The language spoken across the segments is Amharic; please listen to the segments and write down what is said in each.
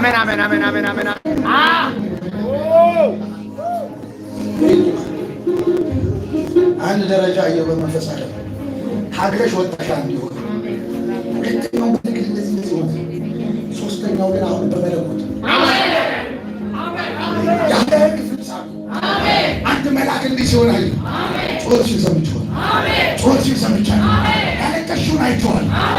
አሜን፣ አሜን፣ አሜን፣ አሜን፣ አሜን። አንድ ደረጃ እየው በመንፈስ አይደል ሀገርሽ ወጣሻ እንዲሆን ሁለተኛው በትግል እንደዚህ እንደዚህ ሆነ። ሶስተኛው ግን አሁን በመለኮት የሀገር ክፍል ሳ አንድ መልአክ እንዲህ ሲሆን አየሁ። ጾርሽን ሰምቼዋለሁ፣ ጾርሽን ሰምቻለሁ፣ ያለቀሽውን አይቼዋለሁ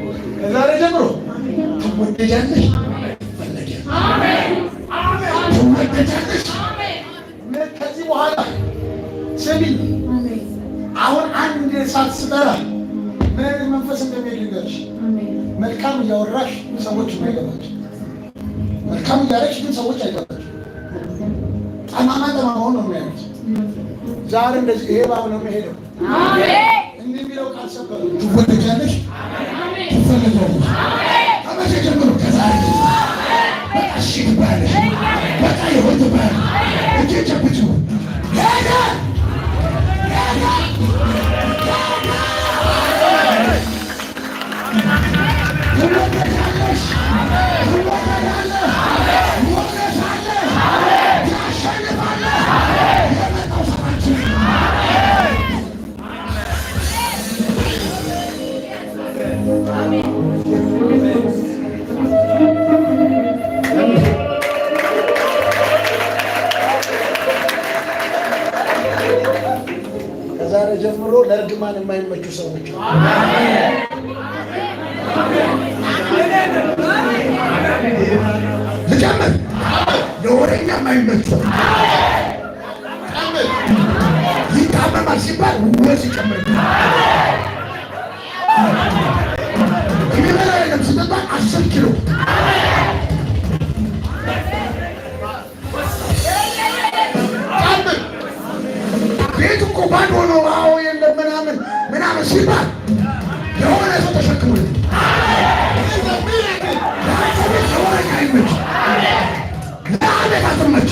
ከዛሬ ጀምሮ ትወደጃለሽ፣ ከዚህ በኋላ ስሚ፣ አሁን አንድ ሰዓት ስጠራ ምን አይነት መንፈስ እንደሚሄድልሽ መልካም እያወራሽ ሰዎች አይገባቸው። መልካም እያለሽ ግን ሰዎች አይገባቸው። ጠማማ ጠማማውን ነው የሚያዩት። ዛሬ እንደዚህ ይሄ ባብ ነው የሚሄደው። kichwa kichwa ጀምሮ ለእርግማን የማይመቹ ሰዎች ልጨምር፣ ለወሬኛ የማይመቹ ይታመማል ሲባል ወዝ ይጨምር የሚበላ አስር ኪሎ ቃል ሲባል የሆነ ሰው ተሸክሞ ለአቤት አትመች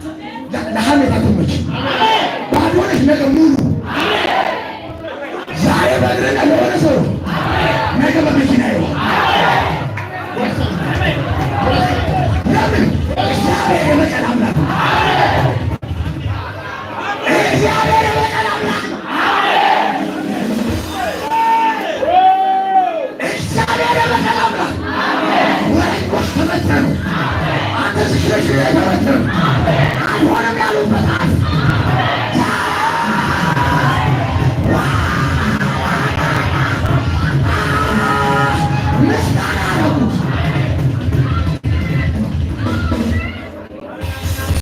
ቤት አትመች። ባዶ ነች ነገ ሙሉ ዛሬ በእግርህ ለሆነ ሰው Thank you.